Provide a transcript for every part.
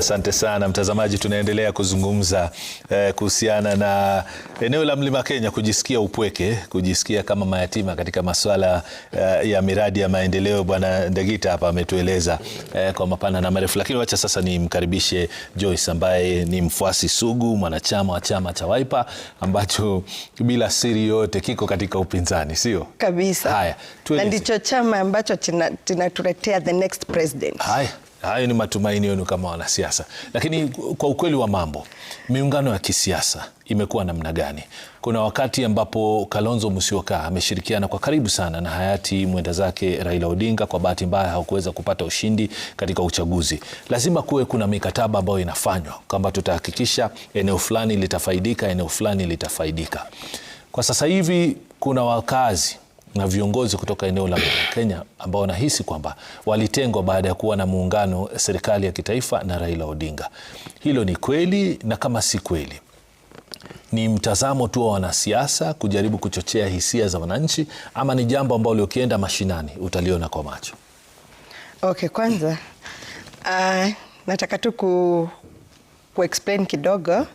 Asante sana mtazamaji, tunaendelea kuzungumza eh, kuhusiana na eneo la Mlima Kenya kujisikia upweke, kujisikia kama mayatima katika maswala eh, ya miradi ya maendeleo. Bwana Ndegita hapa ametueleza eh, kwa mapana na marefu, lakini wacha sasa nimkaribishe Joyce ambaye ni mfuasi sugu, mwanachama wa chama cha Wiper ambacho bila siri yote kiko katika upinzani, sio kabisa? Haya, na ndicho chama ambacho tinatuletea the next president. Haya. Hayo ni matumaini yenu kama wanasiasa, lakini kwa ukweli wa mambo, miungano ya kisiasa imekuwa namna gani? Kuna wakati ambapo Kalonzo Musyoka ameshirikiana kwa karibu sana na hayati mwenda zake Raila Odinga. Kwa bahati mbaya, hakuweza kupata ushindi katika uchaguzi. Lazima kuwe kuna mikataba ambayo inafanywa kwamba tutahakikisha eneo fulani litafaidika, eneo fulani litafaidika. Kwa sasa hivi kuna wakazi na viongozi kutoka eneo la Kenya ambao wanahisi kwamba walitengwa baada ya kuwa na muungano serikali ya kitaifa na Raila Odinga. Hilo ni kweli, na kama si kweli ni mtazamo tu wa wanasiasa kujaribu kuchochea hisia za wananchi, ama ni jambo ambalo ukienda mashinani utaliona kwa macho? Okay, kwanza uh, nataka tu ku, ku explain kidogo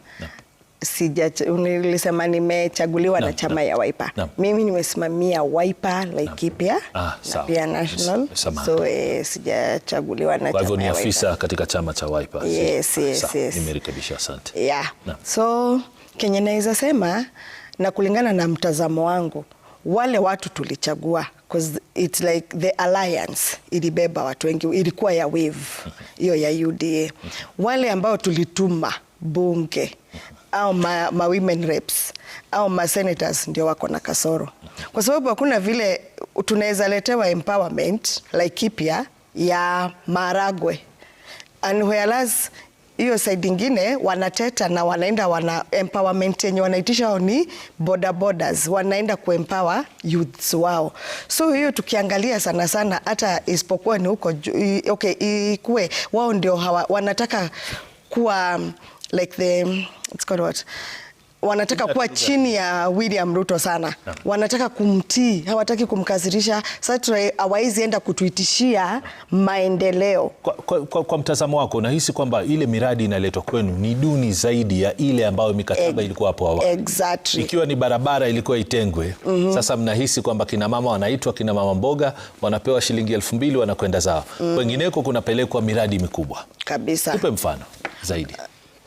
sija nilisema nimechaguliwa na, chama ya Wiper Mimi nimesimamia Wiper Laikipia ah, na pia National so eh, sijachaguliwa na chama ya Wiper. Kwa hivyo ni afisa katika chama cha Wiper. Yes, yes, yes. Nimerekebisha, asante. Yeah. So kenye naweza sema na kulingana na mtazamo wangu wale watu tulichagua because it's like the alliance ilibeba watu wengi, ilikuwa ya wave mhm. hiyo ya UDA. Mhm. Wale ambao tulituma bunge au ma, ma women reps au ma senators ndio wako na kasoro, kwa sababu hakuna vile tunaweza letewa empowerment kipya ya Maragwe and whereas hiyo side ingine wanateta na wanaenda wana empowerment yenye wanaitisha ni border borders, wanaenda kuempower youths wao. So hiyo tukiangalia sana sana, hata isipokuwa ni huko okay, ikue wao ndio hawa, wanataka kuwa like the it's called what wanataka kuwa chini ya William Ruto sana no. Wanataka kumtii, hawataki kumkasirisha. Sasa hawawezi enda kutuitishia maendeleo. Kwa, kwa, kwa, kwa mtazamo wako unahisi kwamba ile miradi inaletwa kwenu ni duni zaidi ya ile ambayo mikataba e, ilikuwa hapo awali exactly. Ikiwa ni barabara ilikuwa itengwe mm -hmm. Sasa mnahisi kwamba kina mama wanaitwa kina mama mboga wanapewa shilingi elfu mbili wanakwenda zao mm -hmm. Wengineko kunapelekwa miradi mikubwa kabisa. Tupe mfano zaidi.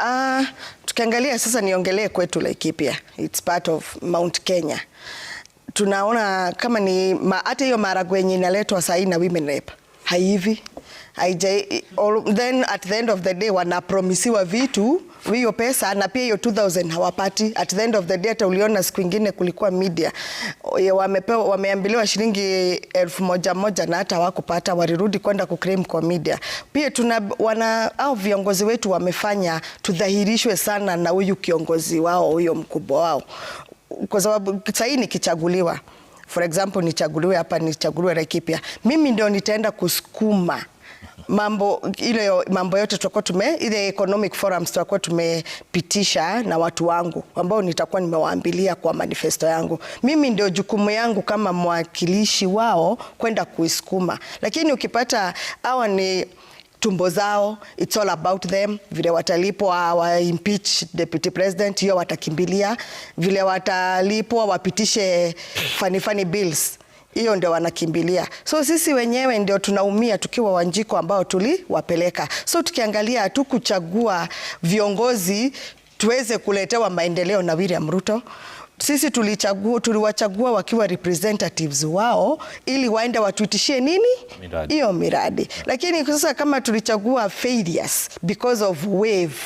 Uh, tukiangalia sasa, niongelee kwetu Laikipia, it's part of Mount Kenya. Tunaona kama ni hata hiyo maharagwe yenye inaletwa sahii na women rep haivi haija, all, then at the end of the day wanapromisiwa vitu hiyo pesa na pia hiyo 2000 hawapati. At the end of the day, hata uliona siku ingine kulikuwa media wamepewa, wameambiliwa shilingi elfu moja moja na hata hawakupata, walirudi kwenda kuclaim kwa media. Pia tuna wana au viongozi wetu wamefanya tudhahirishwe sana na huyu kiongozi wao huyo mkubwa wao, kwa sababu sahii nikichaguliwa, for example nichaguliwe hapa, nichaguliwe Laikipia, mimi ndio nitaenda kusukuma mambo ile mambo yote tutakuwa tume ile economic forums tutakuwa tumepitisha na watu wangu ambao nitakuwa nimewaambilia kwa manifesto yangu. Mimi ndio jukumu yangu kama mwakilishi wao kwenda kuisukuma, lakini ukipata hawa ni tumbo zao, it's all about them. Vile watalipwa wa impeach deputy president, hiyo watakimbilia. Vile watalipwa wapitishe funny funny bills hiyo ndio wanakimbilia. So sisi wenyewe ndio tunaumia tukiwa Wanjiko ambao tuliwapeleka. So tukiangalia, kuchagua viongozi tuweze kuletewa maendeleo na William Ruto. Sisi tulichagua, tuliwachagua wakiwa representatives wao ili waende watuitishie nini hiyo miradi, miradi. Lakini sasa kama tulichagua failures because of wave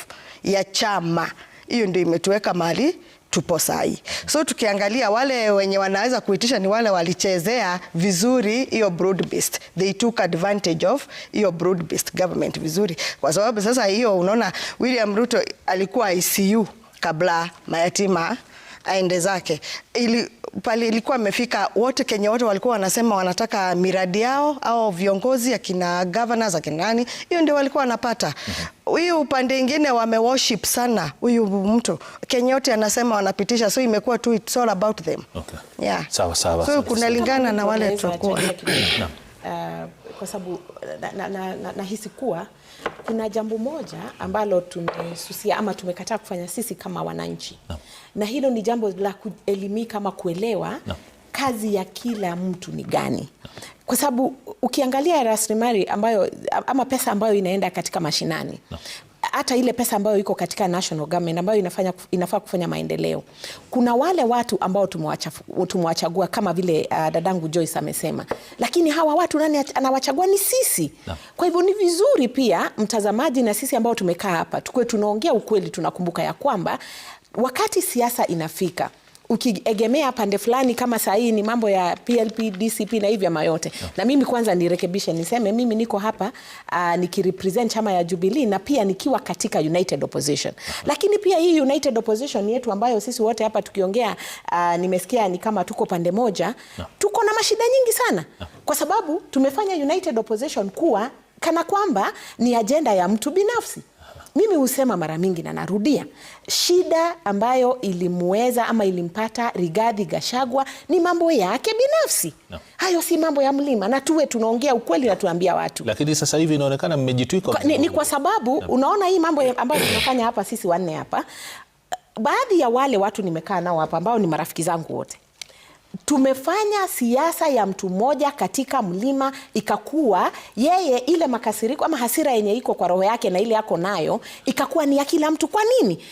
ya chama, hiyo ndio imetuweka mali tupo sahi. So tukiangalia wale wenye wanaweza kuitisha ni wale walichezea vizuri hiyo brood beast. they took advantage of hiyo brood beast government vizuri, kwa sababu sasa hiyo unaona, William Ruto alikuwa ICU kabla mayatima aende zake ili pale ilikuwa imefika wote Kenya wote walikuwa wanasema wanataka miradi yao au viongozi akina governors akina nani, hiyo ndio walikuwa wanapata. Mhm. Huyu upande ingine wame worship sana huyu mtu Kenya yote anasema wanapitisha, so imekuwa tu it's all about them. Okay. Yeah. Sawa sawa. So kunalingana na wale tutakuwa Eh, kwa sababu nahisi na, na, na, na kuwa kuna jambo moja ambalo tumesusia ama tumekataa kufanya sisi kama wananchi no. na hilo ni jambo la kuelimika ama kuelewa no. kazi ya kila mtu ni gani no. kwa sababu ukiangalia rasilimali ambayo ama pesa ambayo inaenda katika mashinani no hata ile pesa ambayo iko katika national government ambayo inafanya, inafaa kufanya maendeleo. Kuna wale watu ambao tumewachagua kama vile uh, dadangu Joyce amesema, lakini hawa watu nani anawachagua? Ni sisi. Kwa hivyo ni vizuri pia mtazamaji na sisi ambao tumekaa hapa tukue tunaongea ukweli, tunakumbuka ya kwamba wakati siasa inafika ukiegemea pande fulani, kama saa hii ni mambo ya PLP, DCP na hivyo mayote yeah. Na mimi kwanza nirekebishe niseme mimi niko hapa uh, nikirepresent chama ya Jubilee na pia nikiwa katika United Opposition uh -huh. Lakini pia hii United Opposition yetu ambayo sisi wote hapa tukiongea, uh, nimesikia ni kama tuko pande moja yeah. Tuko na mashida nyingi sana yeah. Kwa sababu tumefanya United Opposition kuwa kana kwamba ni ajenda ya mtu binafsi mimi husema mara mingi na narudia, shida ambayo ilimweza ama ilimpata Rigathi Gachagua ni mambo yake binafsi no. Hayo si mambo ya Mlima, na tuwe tunaongea ukweli na tuambia watu, lakini sasa hivi inaonekana mmejitwika. Ni, ni kwa sababu no. Unaona hii mambo ambayo tunafanya hapa sisi wanne hapa, baadhi ya wale watu nimekaa nao hapa ambao ni marafiki zangu wote tumefanya siasa ya mtu mmoja katika mlima ikakuwa yeye, ile makasiriko ama hasira yenye iko kwa roho yake na ile yako nayo ikakuwa ni ya kila mtu. Kwa nini?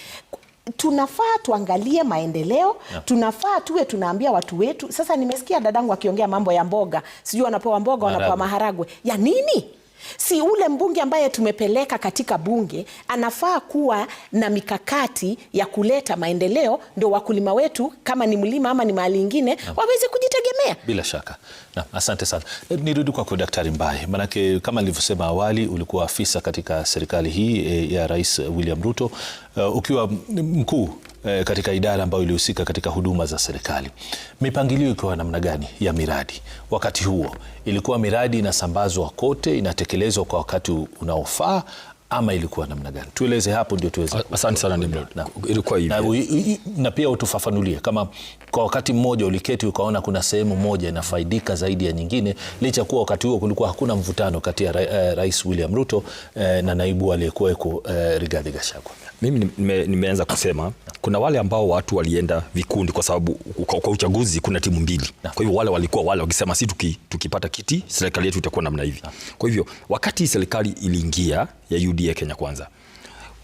Tunafaa tuangalie maendeleo yeah. Tunafaa tuwe tunaambia watu wetu. Sasa nimesikia dadangu akiongea mambo ya mboga, sijui wanapewa mboga, wanapewa maharagwe ya nini? Si ule mbunge ambaye tumepeleka katika bunge anafaa kuwa na mikakati ya kuleta maendeleo, ndio wakulima wetu, kama ni mlima ama ni mahali ingine, waweze kujitegemea. Bila shaka na, asante sana. Eh, nirudi kwako Daktari Mbae, maanake kama nilivyosema awali ulikuwa afisa katika serikali hii eh, ya Rais William Ruto, uh, ukiwa mkuu eh, katika idara ambayo ilihusika katika huduma za serikali. Mipangilio ikiwa namna gani ya miradi wakati huo? Ilikuwa miradi inasambazwa kote, inatekelezwa kwa wakati unaofaa ama ilikuwa namna gani? Tueleze hapo ndio tuweze. Asante sana Nimrod. na, na, Na pia utufafanulie kama kwa wakati mmoja uliketi ukaona kuna sehemu moja inafaidika zaidi ya nyingine, licha kuwa wakati huo kulikuwa hakuna mvutano kati ya ra eh, Rais William Ruto eh, na naibu aliyekuweko eh, Rigathi Gachagua. Mimi nime, nimeanza kusema kuna wale ambao watu walienda vikundi kwa sababu kwa, kwa uchaguzi kuna timu mbili. Kwa hivyo wale walikuwa wale wakisema si tuki, tukipata kiti serikali yetu itakuwa namna hivi. Kwa hivyo wakati serikali iliingia ya UDA Kenya Kwanza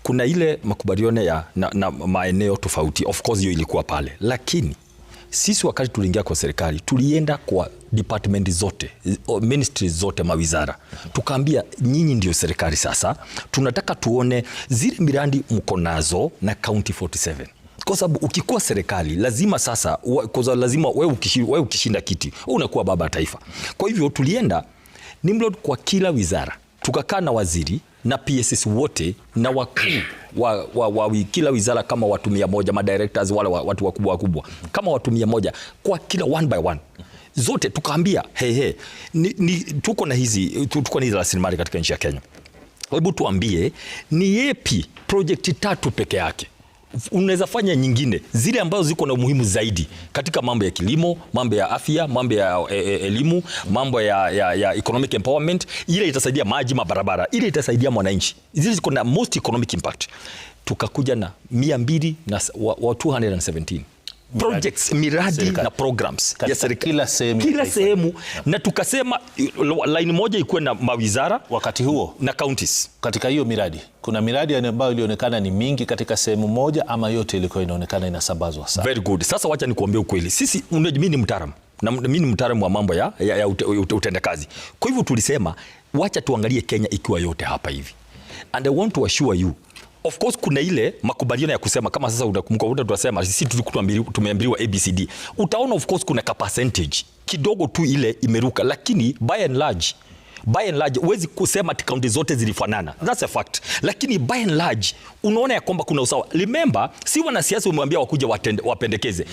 kuna ile makubaliano ya na, na maeneo tofauti, of course hiyo ilikuwa pale, lakini sisi wakati tuliingia kwa serikali tulienda kwa department zote, eh, ministry zote, mawizara, tukaambia nyinyi ndio serikali sasa. Tunataka tuone zile miradi mko nazo na county 47 kwa sababu ukikuwa serikali lazima sasa, kwa lazima wewe ukishinda, we ukishinda kiti unakuwa baba taifa. Kwa hivyo tulienda Nimrod kwa kila wizara tukakaa na waziri na PSS wote na wakuu wa, wa, wa, kila wizara kama watu mia moja madirectors wale watu wakubwa wakubwa kama watu mia moja kwa kila one by one zote tukaambia hey, hey, ni, ni, tuko na hizi tuko na hizi rasilimali katika nchi ya Kenya, hebu tuambie ni yepi projekti tatu peke yake unaweza fanya nyingine zile ambazo ziko na umuhimu zaidi katika mambo ya kilimo, mambo ya afya, mambo ya e, e, elimu, mambo ya, ya, ya economic empowerment. Ile itasaidia maji, mabarabara, ile itasaidia mwananchi, zile ziko na most economic impact. Tukakuja na mia mbili na 217 projects miradi na programs ya serikali kila sehemu, kila sehemu na tukasema line moja ikuwe na mawizara wakati huo na counties. Katika hiyo miradi kuna miradi ambayo ilionekana ni mingi katika sehemu moja ama yote ilikuwa inaonekana inasambazwa sana. Very good. Sasa wacha nikuambie ukweli, sisi mimi ni mtaalamu na mimi ni mtaalamu wa mambo ya, ya, ya utendakazi. Kwa hivyo tulisema wacha tuangalie Kenya ikiwa yote hapa hivi, and I want to assure you Of course kuna ile makubaliano ya kusema kama sasa unakumbuka wote tunasema sisi tulikuwa tumeambiwa ABCD. Utaona of course kuna ka percentage kidogo tu ile imeruka, lakini by and large by and large huwezi kusema ati kaunti zote zilifanana, that's a fact, lakini by and large unaona ya kwamba kuna usawa. Remember, si wanasiasa umewambia wakuja watende, wapendekeze,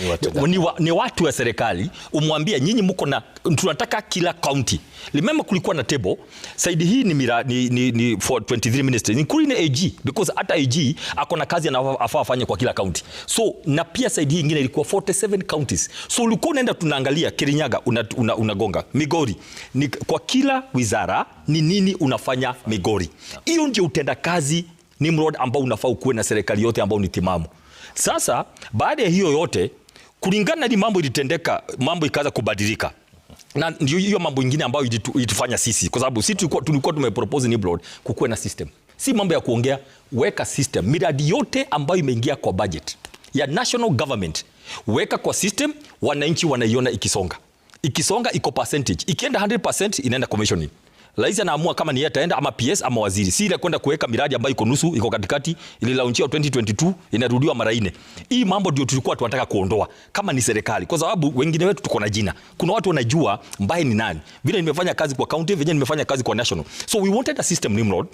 ni, wa, ni watu wa serikali umwambia nyinyi mko na tunataka kila kaunti. Remember, kulikuwa na table saidi hii ni, mira, ni, ni, ni for 23 ministers including AG because hata AG ako na kazi anafaa afanye kwa kila kaunti, so na pia saidi hii ingine ilikuwa 47 counties, so ulikuwa unaenda tunaangalia Kirinyaga unagonga una, una Migori ni kwa kila wizara biashara ni nini unafanya Migori. Hiyo ndio utenda utendakazi Nimrod ambao unafaa ukuwe na serikali yote ambao ni timamu. Sasa baada ya hiyo yote kulingana na mambo ilitendeka, mambo ikaanza kubadilika na ndio hiyo mambo ingine ambayo ilitufanya sisi, kwa sababu sisi tulikuwa tumepropose Nimrod kukuwe na system, si mambo ya kuongea, weka system. Miradi yote ambayo imeingia kwa budget ya national government weka kwa system, wananchi wanaiona ikisonga, ikisonga iko percentage, ikienda 100% inaenda commissioning. Rais anaamua kama ni yeye ataenda ama PS ama waziri. Si ile kwenda kuweka miradi ambayo iko nusu, iko katikati, ili launchia 2022 inarudiwa mara nne. Hii mambo ndio tulikuwa tunataka kuondoa kama ni serikali. Kwa sababu wengine wetu tuko na jina. Kuna watu wanajua mbaya ni nani. Vile nimefanya kazi kwa county, vile nimefanya kazi kwa national. So we wanted a system Nimrod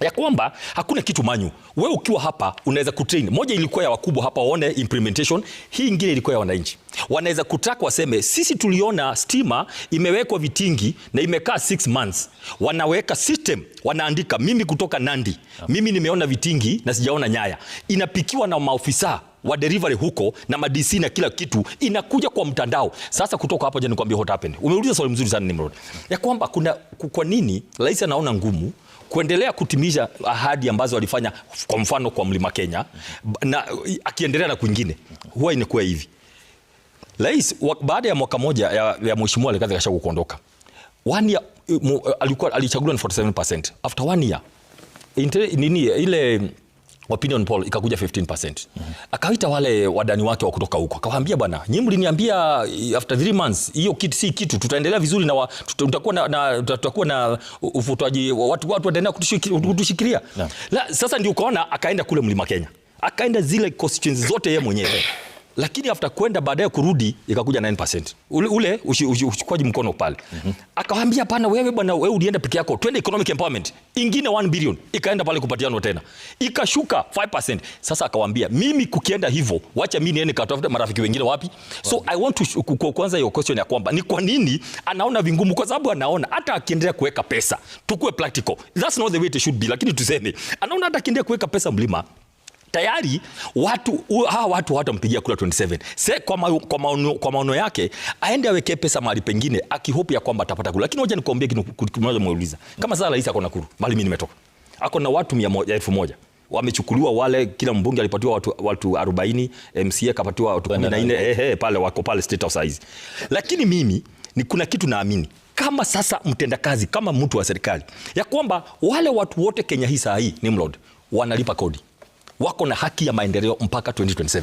ya kwamba hakuna kitu manyu, wewe ukiwa hapa unaweza kutrain. Moja ilikuwa ya wakubwa hapa waone implementation, hii ingine ilikuwa ya wananchi. Wanaweza kutaka waseme, sisi tuliona stima imewekwa vitingi na imekaa 6 months. Wanaweka system, wanaandika, mimi kutoka Nandi, mimi nimeona vitingi na sijaona nyaya, inapikiwa na maofisa wa delivery huko na madisi na kila kitu inakuja kwa mtandao. Sasa kutoka hapo, je, nikwambie what happened? Umeuliza swali mzuri sana Nimrod, ya kwamba kuna kwa nini rais anaona ngumu kuendelea kutimiza ahadi ambazo alifanya, kwa mfano kwa Mlima Kenya na akiendelea na kwingine. Huwa inakuwa hivi rais baada ya mwaka moja ya, ya mheshimiwa Rigathi Gachagua kuondoka, one year eh, eh, alikuwa alichaguliwa na 47% after one year nini ile opinion poll ikakuja 15%. Mm -hmm. Akawaita wale wadani wake wa kutoka huko akawaambia, bwana nyinyi mliniambia eh, after 3 months hiyo kitu si kitu, tutaendelea vizuri na tutakuwa na, tutakuwa na ufutaji watu watu wataendelea kutushikilia. sasa ndio ukaona akaenda kule Mlima Kenya akaenda zile constituencies zote yeye mwenyewe lakini after kwenda baadaye kurudi ikakuja 9%. Ule, ule uchukuaji mkono pale. Mm -hmm. Akawaambia pana wewe bwana, wewe ulienda peke yako, twende economic empowerment. Ingine 1 billion ikaenda pale kupatiana tena. Ikashuka 5%. Sasa akawaambia mimi kukienda hivyo, wacha mimi niende katafuta marafiki wengine wapi? So wow. I want to kwanza hiyo question ya kwamba ni kwa nini anaona vingumu, kwa sababu anaona hata akiendelea kuweka pesa, tukue practical. That's not the way it should be, lakini tuseme anaona hata akiendelea kuweka pesa mlima tayari watu hawa watu hawatampigia kura 27. Se, kwa, ma, kwa, maono, kwa maono yake aende aweke pesa mahali pengine akihope ya kwamba atapata kura, lakini hoja nikuambie kitu kimoja muuliza, kama sasa rais ako Nakuru, mali mimi nimetoka, ako na watu 1000 wamechukuliwa wale, kila mbunge alipatiwa watu, watu 40, MCA kapatiwa watu 14, ehe, pale wako pale state of size Lakini mimi ni kuna kitu naamini kama sasa mtendakazi, kama mtu wa serikali, ya kwamba wale watu wote Kenya hii saa hii ni mlod wanalipa kodi wako na haki ya maendeleo mpaka 2027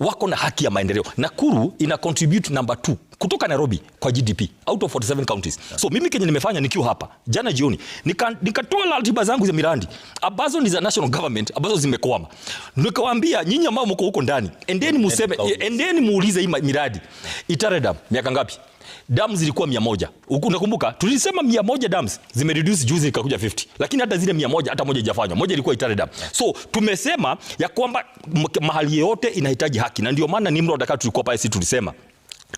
wako na haki ya maendeleo. Nakuru ina contribute number 2 kutoka Nairobi kwa GDP out of 47 counties. So mimi kenye nimefanya nikiwa hapa jana jioni nikatoa ratiba zangu za mirandi ambazo ni za national government ambazo zimekwama, nikawaambia nyinyi ambao mko huko ndani, endeni museme, endeni muulize hii miradi itaredam miaka ngapi dams zilikuwa 100. Unakumbuka tulisema 100 dams zimereduce juzi ikakuja 50. Lakini hata zile 100 hata moja haijafanywa. Moja ilikuwa itare dam. So tumesema ya kwamba mahali yote inahitaji haki na ndio maana Nimrod akati tulikuwa pale sisi tulisema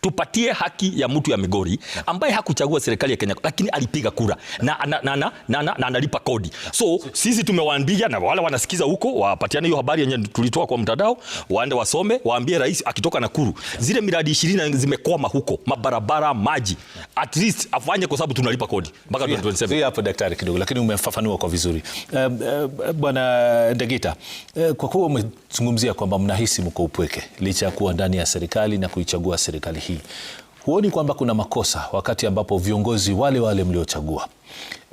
tupatie haki ya mtu ya Migori ambaye hakuchagua serikali ya Kenya, lakini alipiga kura na analipa na, na, na, na, na na, kodi. So sisi tumewaambia na wale wanasikiza huko, wapatiane hiyo habari yenye tulitoa kwa mtandao, waende wasome, waambie rais akitoka Nakuru zile miradi ishirini zimekwama huko, mabarabara, maji, at least afanye kwa sababu tunalipa kodi mpaka 2027. Hapo daktari kidogo, lakini umefafanua kwa vizuri. Um, uh, bwana Ndegita, uh, kwa kuwa umezungumzia kwamba mnahisi mko upweke licha ya kuwa ndani ya serikali na kuichagua serikali hali hii, huoni kwamba kuna makosa wakati ambapo viongozi wale wale mliochagua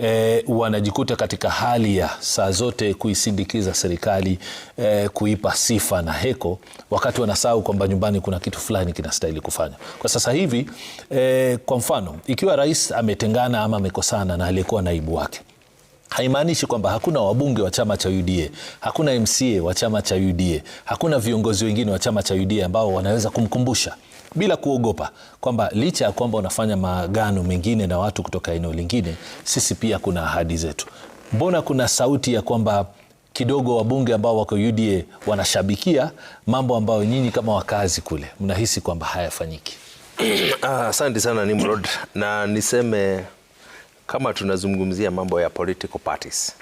e, wanajikuta katika hali ya saa zote kuisindikiza serikali e, kuipa sifa na heko, wakati wanasahau kwamba nyumbani kuna kitu fulani kinastahili kufanya kwa sasa hivi. E, kwa mfano ikiwa rais ametengana ama amekosana na aliyekuwa naibu wake haimaanishi kwamba hakuna wabunge wa chama cha UDA, hakuna MCA wa chama cha UDA, hakuna viongozi wengine wa chama cha UDA ambao wanaweza kumkumbusha bila kuogopa kwamba licha ya kwamba unafanya maagano mengine na watu kutoka eneo lingine, sisi pia kuna ahadi zetu. Mbona kuna sauti ya kwamba kidogo wabunge ambao wako UDA wanashabikia mambo ambayo nyinyi kama wakazi kule mnahisi kwamba hayafanyiki? Ah, asante ah, sana Nimrod, na niseme kama tunazungumzia mambo ya political parties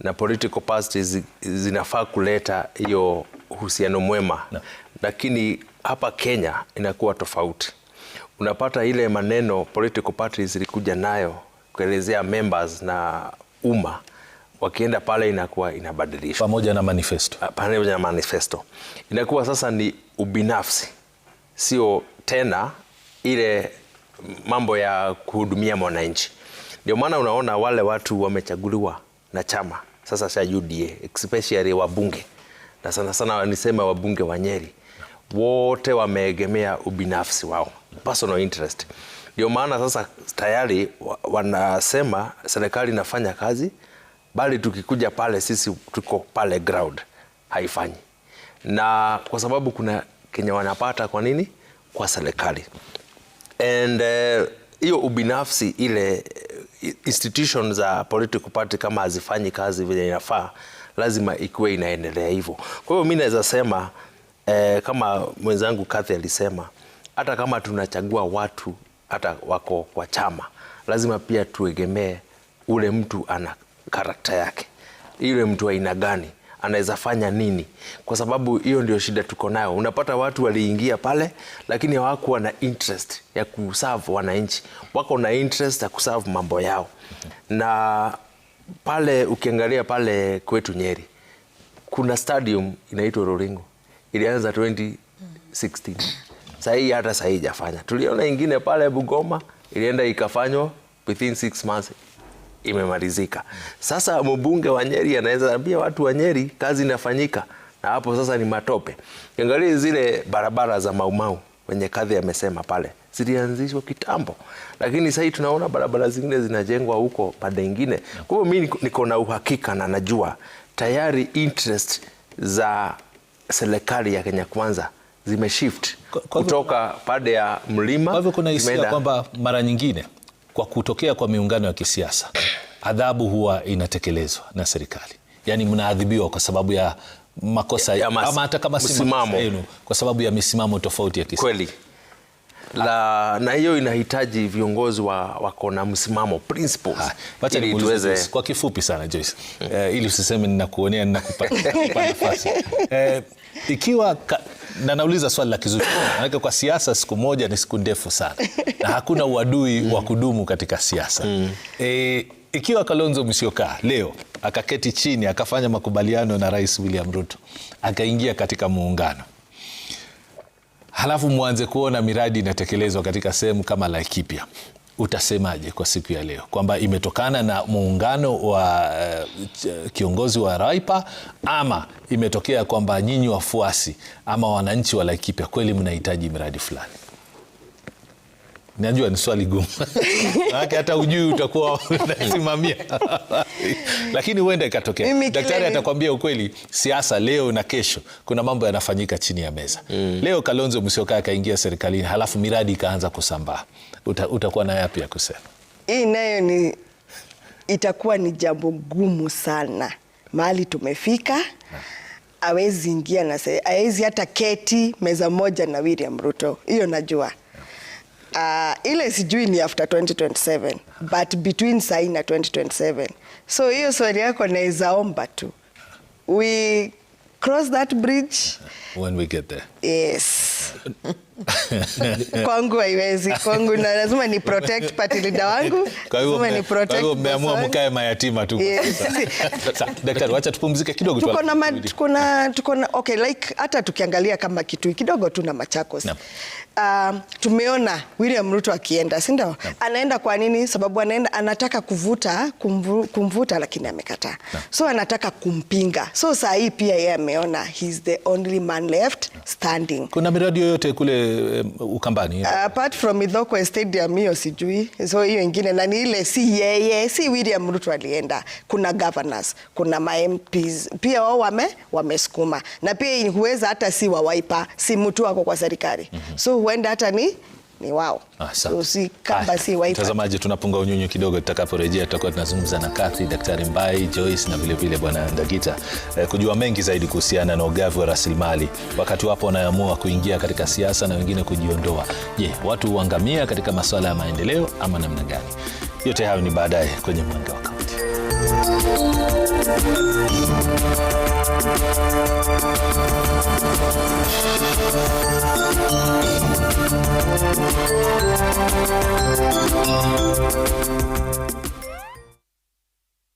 na political parties zinafaa kuleta hiyo uhusiano mwema no. Lakini hapa Kenya inakuwa tofauti, unapata ile maneno political parties ilikuja nayo kuelezea members na umma, wakienda pale inakuwa inabadilishwa pamoja na manifesto, ah, pamoja na manifesto inakuwa sasa ni ubinafsi, sio tena ile mambo ya kuhudumia mwananchi. Ndio maana unaona wale watu wamechaguliwa na chama sasa cha UDA especially wabunge na sana sana niseme wabunge wa Nyeri wote wameegemea ubinafsi wao, personal interest. Ndio maana sasa tayari wanasema serikali inafanya kazi, bali tukikuja pale sisi tuko pale ground haifanyi, na kwa sababu kuna kenya wanapata. Kwa nini? Kwa serikali and eh, hiyo uh, ubinafsi ile institution za political party kama hazifanyi kazi vile inafaa, lazima ikuwe inaendelea hivyo. Kwa hiyo mimi naweza sema eh, kama mwenzangu Kathy alisema, hata kama tunachagua watu hata wako kwa chama, lazima pia tuegemee ule mtu ana karakta yake, ile mtu aina gani anaweza fanya nini, kwa sababu hiyo ndio shida tuko nayo. Unapata watu waliingia pale, lakini hawakuwa na interest ya kuserve wananchi, wako na interest ya kuserve mambo yao. Na pale ukiangalia pale kwetu Nyeri kuna stadium inaitwa Roringo, ilianza 2016 sahii hata sahii ijafanya. Tuliona ingine pale Bugoma ilienda ikafanywa within 6 months imemalizika. Sasa mbunge wa Nyeri anaweza ambia watu wa Nyeri kazi inafanyika, na hapo sasa ni matope. Kiangalie zile barabara za Maumau wenye kadhi amesema pale zilianzishwa kitambo, lakini sahii tunaona barabara zingine zinajengwa huko pande ingine. Kwa hiyo mi niko na uhakika na najua tayari interest za serikali ya Kenya Kwanza zimeshift kutoka pande ya mlima. Kwa hivyo kuna hisia kwamba mara nyingine kwa kutokea kwa miungano ya kisiasa, adhabu huwa inatekelezwa na serikali, yaani mnaadhibiwa kwa sababu ya makosa ya mas, ama hata kama msimamo yenu kwa sababu ya misimamo tofauti ya kisiasa. Kweli la, na hiyo inahitaji viongozi wa wako na msimamo principles, wacha tuweze kwa kifupi sana Joyce, mm. Uh, ili usiseme ninakuonea ninakupa nafasi eh, ikiwa ka, na nauliza swali la kizuri manake kwa siasa siku moja ni siku ndefu sana na hakuna uadui mm. wa kudumu katika siasa mm. E, ikiwa Kalonzo msiokaa leo akaketi chini akafanya makubaliano na Rais William Ruto akaingia katika muungano halafu mwanze kuona miradi inatekelezwa katika sehemu kama laikipya utasemaje kwa siku ya leo kwamba imetokana na muungano wa uh, kiongozi wa Raipa ama imetokea kwamba nyinyi wafuasi ama wananchi wa Laikipia kweli mnahitaji mradi fulani? Najua ni swali gumu manake hata ujui utakuwa unasimamia lakini huenda ikatokea. Daktari atakwambia ukweli, siasa leo na kesho, kuna mambo yanafanyika chini ya meza mm. Leo Kalonzo msiokaa akaingia serikalini, halafu miradi ikaanza kusambaa, utakuwa na yapi ya kusema? Hii nayo ni itakuwa ni jambo gumu sana, mahali tumefika na awezi ingia na awezi hata keti meza moja na William Ruto, hiyo najua. Uh, ile sijui ni after 2027 but between sai na 2027. So hiyo swali yako naweza omba tu we cross that bridge when we get there. Yes. kwangu haiwezi, kwangu na lazima ni protect patilida wangu. Kwa hivyo mmeamua mkae mayatima tu. Daktari, wacha tupumzike kidogo tu. Tuko na okay, like hata tukiangalia kama kitu kidogo tu na Machakos no. Uh, um, tumeona William Ruto akienda, si ndio? No. Anaenda kwa nini? Sababu anaenda anataka kuvuta kumvu, kumvuta lakini amekataa no. So anataka kumpinga, so saa hii pia yeye ameona he's the only man left standing. Kuna miradi yoyote kule uh, Ukambani. Apart from Ithokwes Stadium hiyo sijui, so hiyo ingine na ni ile, si yeye si William Ruto alienda. Kuna governors, kuna ma MPs pia wao wame wamesukuma, na pia huweza hata si wa Wiper, si mtu wako kwa serikali, mhm. so huenda hata ni ni wao. Ah, mtazamaji, tunapunga unyunyu kidogo, tutakaporejea tutakuwa tunazungumza na Kathy, Daktari Mbai, Joyce na vilevile Bwana Ndagita eh, kujua mengi zaidi kuhusiana na ugavi wa rasilimali wakati wapo wanaamua kuingia katika siasa na wengine kujiondoa. Je, watu huangamia katika masuala ya maendeleo ama namna gani? Yote hayo ni baadaye kwenye Mwenge wa Kaunti. Ella se llama